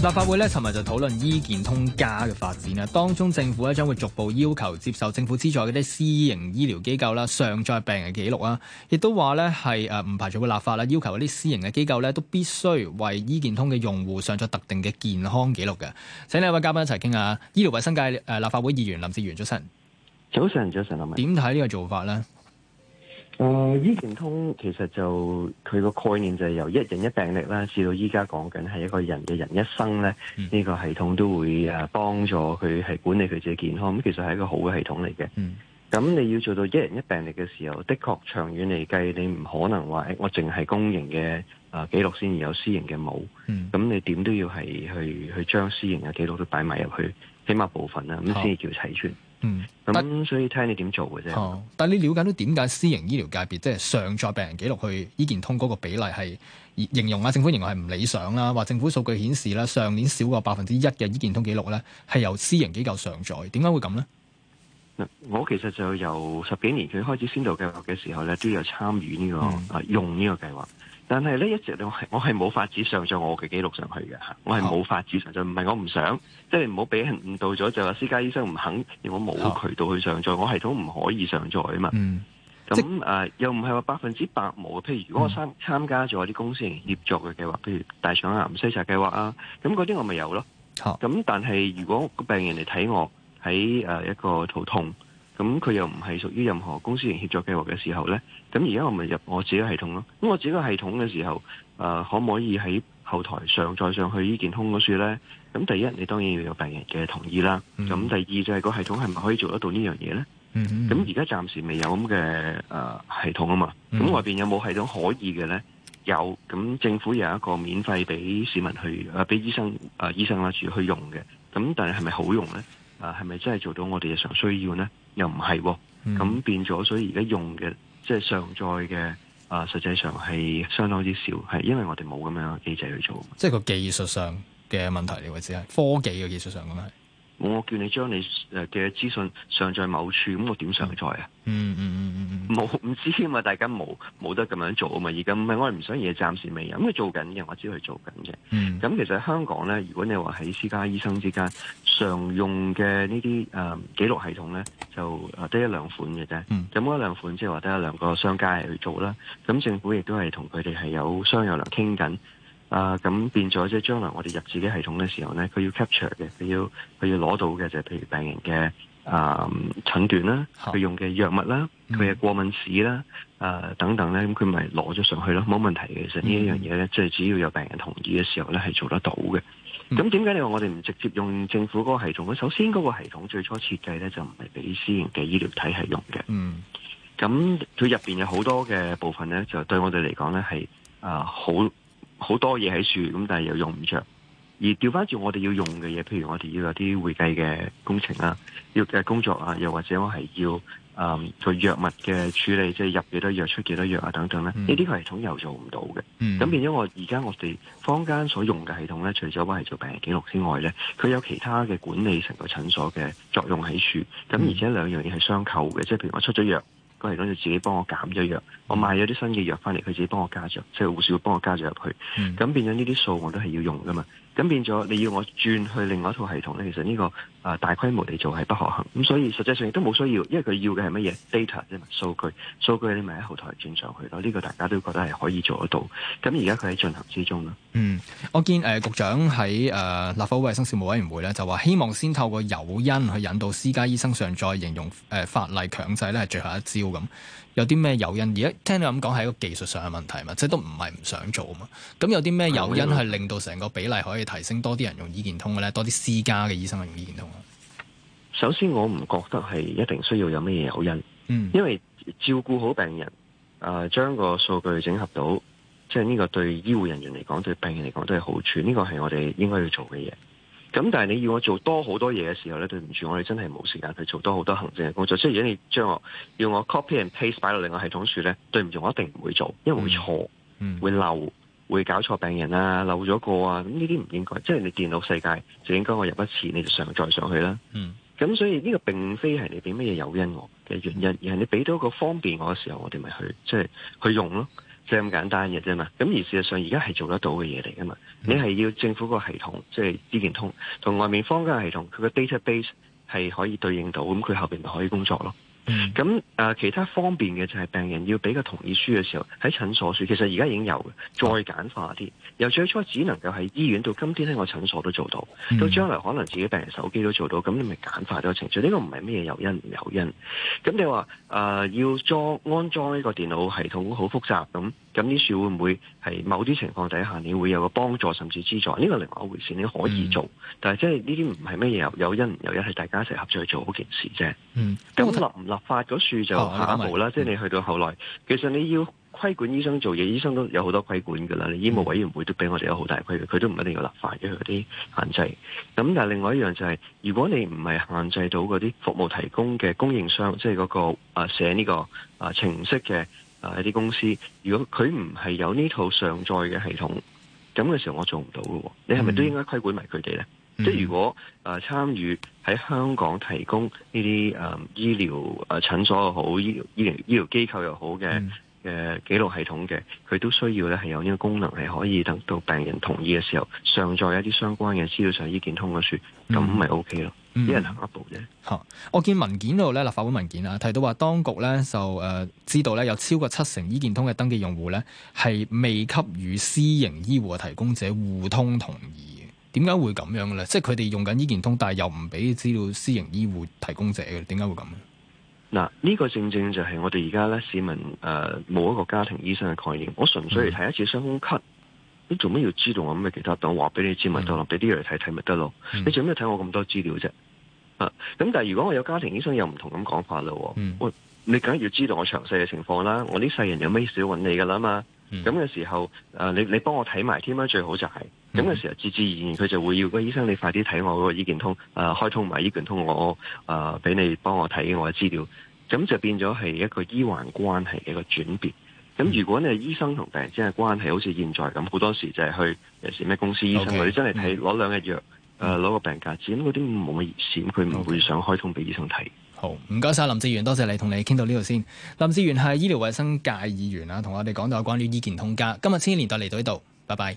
立法會咧，尋日就討論醫健通加嘅發展啊。當中政府咧將會逐步要求接受政府資助嘅啲私營醫療機構啦，上載病人嘅記錄啊。亦都話咧係誒，唔排除會立法啦，要求嗰啲私營嘅機構咧都必須為醫健通嘅用戶上載特定嘅健康記錄嘅。請兩位嘉賓一齊傾下，醫療衛生界誒，立法會議員林哲玄早晨。早晨早晨，阿米，點睇呢個做法咧？誒，醫、呃、健通，其實就佢個概念就係由一人一病歷啦，至到依家講緊係一個人嘅人一生咧，呢、嗯、個系統都會誒幫助佢係管理佢自己健康，咁其實係一個好嘅系統嚟嘅。咁、嗯、你要做到一人一病歷嘅時候，的確長遠嚟計，你唔可能話誒，我淨係公營嘅誒記錄先，而有私營嘅冇。咁、嗯、你點都要係去去將私營嘅記錄都擺埋入去，起碼部分啦，咁先至叫齊全。哦嗯，咁所以睇下你點做嘅啫。但係你了解到點解私營醫療界別，即係上載病人記錄去醫健通嗰個比例係形容啊，政府形容係唔理想啦。話政府數據顯示啦，上年少過百分之一嘅醫健通記錄咧，係由私營機構上載。點解會咁咧？我其實就由十幾年佢開始先導計劃嘅時候咧，都有參與呢、這個、嗯、用呢個計劃，但係呢，一直我係我係冇法子上載我嘅記錄上去嘅吓，我係冇法子上載，唔係我唔想，嗯、即係唔好俾人誤導咗，就話私家醫生唔肯，因為我冇渠道去上載，嗯、我系統唔可以上載啊嘛。咁啊又唔係話百分之百冇，譬如如果我參加咗啲公私營合作嘅計劃，譬如大腸癌篩查計劃啊，咁嗰啲我咪有咯。咁、嗯、但係如果個病人嚟睇我。喺誒一個肚痛，咁佢又唔係屬於任何公私營協作計劃嘅時候呢。咁而家我咪入我自己個系統咯。咁我自己個系統嘅時候，誒、呃、可唔可以喺後台上載上去醫健通嗰處呢？咁第一，你當然要有病人嘅同意啦。咁第二就係個系統係咪可以做得到呢樣嘢呢？咁而家暫時未有咁嘅誒系統啊嘛。咁外邊有冇系統可以嘅呢？有。咁政府有一個免費俾市民去誒，俾、呃、醫生誒、呃、醫生啦住去用嘅。咁但係係咪好用呢？啊，係咪真係做到我哋日常需要呢？又唔係、哦，咁、嗯、變咗，所以而家用嘅即係上載嘅啊，實際上係相當之少，係因為我哋冇咁樣嘅機制去做。即係個技術上嘅問題，你會知，係科技嘅技術上咁、就、係、是嗯。我叫你將你誒嘅資訊上載某處，咁我點上載啊、嗯？嗯嗯嗯。冇唔知啊嘛，大家冇冇得咁樣做啊嘛，而家唔係我哋唔想嘢，暫時未有，咁佢做緊嘅我知佢做緊嘅。咁、嗯、其實香港咧，如果你話喺私家醫生之間常用嘅呢啲誒記錄系統咧，就得、呃、一兩款嘅啫。咁嗰、嗯、一兩款即係話得一兩個商家去做啦。咁政府亦都係同佢哋係有商有量傾緊。啊、呃，咁變咗即係將來我哋入自己系統嘅時候咧，佢要 capture 嘅，佢要佢要攞到嘅就係、是、譬如病人嘅。啊、嗯，診斷啦，佢用嘅藥物啦，佢嘅過敏史啦，啊、呃、等等咧，咁佢咪攞咗上去咯，冇問題嘅。其實呢一樣嘢咧，即係、嗯、只要有病人同意嘅時候咧，係做得到嘅。咁點解你話我哋唔直接用政府嗰個系統咧？首先嗰個系統最初設計咧，就唔係俾私人嘅醫療體系用嘅。嗯，咁佢入面有好多嘅部分咧，就對我哋嚟講咧係啊，好好多嘢喺處，咁但係又用唔着。而調翻轉我哋要用嘅嘢，譬如我哋要有啲會計嘅工程啊、要嘅工作啊，又或者我係要啊個、嗯、做藥物嘅處理，即係入幾多藥、出幾多藥啊等等咧。呢啲、嗯、系統又做唔到嘅。咁、嗯、變咗我而家我哋坊間所用嘅系統咧，除咗話係做病歷記錄之外咧，佢有其他嘅管理成個診所嘅作用喺處。咁而且兩樣嘢係相扣嘅，即係、嗯、譬如我出咗藥，佢系統就自己幫我減咗藥；嗯、我買咗啲新嘅藥翻嚟，佢自己幫我加咗，即係護士幫我加咗入去。咁、嗯、變咗呢啲數我都係要用噶嘛。咁變咗，你要我轉去另外一套系統咧，其實呢個大規模嚟做係不可行。咁所以實際上亦都冇需要，因為佢要嘅係乜嘢 data 即，數據數據你咪喺後台轉上去咯。呢個大家都覺得係可以做得到。咁而家佢喺進行之中咯。嗯，我見誒局長喺誒立法會衛生事務委員會咧，就話希望先透過誘因去引導私家醫生上載，形容誒法例強制咧，係最後一招咁。有啲咩誘因？而家聽你咁講，係一個技術上嘅問題嘛，即係都唔係唔想做啊嘛。咁有啲咩誘因係令到成個比例可以提升多啲人用醫健通嘅咧？多啲私家嘅醫生用醫健通。首先，我唔覺得係一定需要有咩嘢誘因，嗯，因為照顧好病人，誒、呃，將個數據整合到，即係呢個對醫護人員嚟講，對病人嚟講都係好處。呢個係我哋應該要做嘅嘢。咁但係你要我做多好多嘢嘅時候咧，對唔住，我哋真係冇時間去做多好多行政嘅工作。即係如果你將我用我 copy and paste 擺落另外系統處咧，對唔住，我一定唔會做，因為會錯、會漏、會搞錯病人啊，漏咗個啊，咁呢啲唔應該。即係你電腦世界就應該我入一次你就上載上去啦。咁、嗯、所以呢個並非係你俾乜嘢誘因我嘅原因，而係你俾到一個方便我嘅時候，我哋咪去即係去用咯。即係咁簡單嘅啫嘛，咁而事實上而家係做得到嘅嘢嚟噶嘛，你係要政府個系統，即係醫健通同外面坊間系統，佢個 database 係可以對應到，咁佢後面就可以工作咯。咁誒、嗯呃、其他方便嘅就係病人要俾個同意書嘅時候喺診所處，其實而家已經有嘅，再簡化啲。由最初只能夠喺醫院到今天喺個診所都做到，到將來可能自己病人手機都做到，咁你咪簡化咗程序。呢、嗯、個唔係咩嘢，有因唔有因。咁你話誒、呃、要裝安裝呢個電腦系統好複雜，咁咁呢處會唔會係某啲情況底下你會有個幫助甚至資助？呢個另外一回事，你可以做，但係即係呢啲唔係咩嘢，有因唔有因係大家一齊合作去做嗰件事啫。嗯，咁立唔立？立法嗰處就下一步啦，哦嗯、即係你去到後來，嗯、其實你要規管醫生做嘢，醫生都有好多規管噶啦。醫務委員會都俾我哋有好大規矩，佢、嗯、都唔一定要立法佢啲限制。咁但另外一樣就係、是，如果你唔係限制到嗰啲服務提供嘅供應商，即係嗰個啊、呃、寫呢、呢個啊、呃、程式嘅啊一啲公司，如果佢唔係有呢套上載嘅系統，咁嘅時候我做唔到噶喎，你係咪都應該規管埋佢哋咧？嗯即、嗯、如果誒、呃、參與喺香港提供呢啲誒醫療誒診所又好、醫醫療醫療機構又好嘅嘅、嗯呃、記錄系統嘅，佢都需要咧係有呢個功能係可以等到病人同意嘅時候，上載一啲相關嘅資料上醫健通嘅書，咁咪 OK 咯。嗯嗯、一人行一步啫。嚇！我見文件度咧，立法會文件啊，提到話當局咧就誒、呃、知道咧有超過七成醫健通嘅登記用戶咧係未給予私營醫護嘅提供者互通同意嘅。點解會咁樣咧？即係佢哋用緊醫健通，但係又唔俾資料私營醫護提供者嘅。點解會咁咧？嗱，呢個正正就係我哋而家咧市民誒冇、呃、一個家庭醫生嘅概念。我純粹係睇一次傷風咳，你做咩要知道我咩其他等，話俾你知咪得咯，俾啲嘢嚟睇睇咪得咯。看看嗯、你做咩睇我咁多資料啫？啊，咁但係如果我有家庭醫生，又唔同咁講法啦。我、嗯、你梗係要知道我詳細嘅情況啦。我呢世人有咩事要揾你噶啦嘛？咁嘅、嗯、時候，誒、呃、你你幫我睇埋添啦，最好就係咁嘅時候，自、嗯、自然然佢就會要個醫生，你快啲睇我嗰個醫健通，誒、呃、開通埋醫健通，我誒俾、呃、你幫我睇我資料，咁就變咗係一個醫患關係嘅一個轉變。咁、嗯、如果你係醫生同病人之間嘅關係好似現在咁，好多時就係去有時咩公司醫生或者 Okay, 真係睇攞兩日藥。誒，攞個病假紙，咁嗰啲冇乜意思，佢唔會想開通俾醫生睇。好，唔該晒林哲玄，多謝你同你傾到呢度先。林哲玄係醫療衛生界議員啊，同我哋講到有關於醫健通加。今日千禧年代嚟到呢度，拜拜。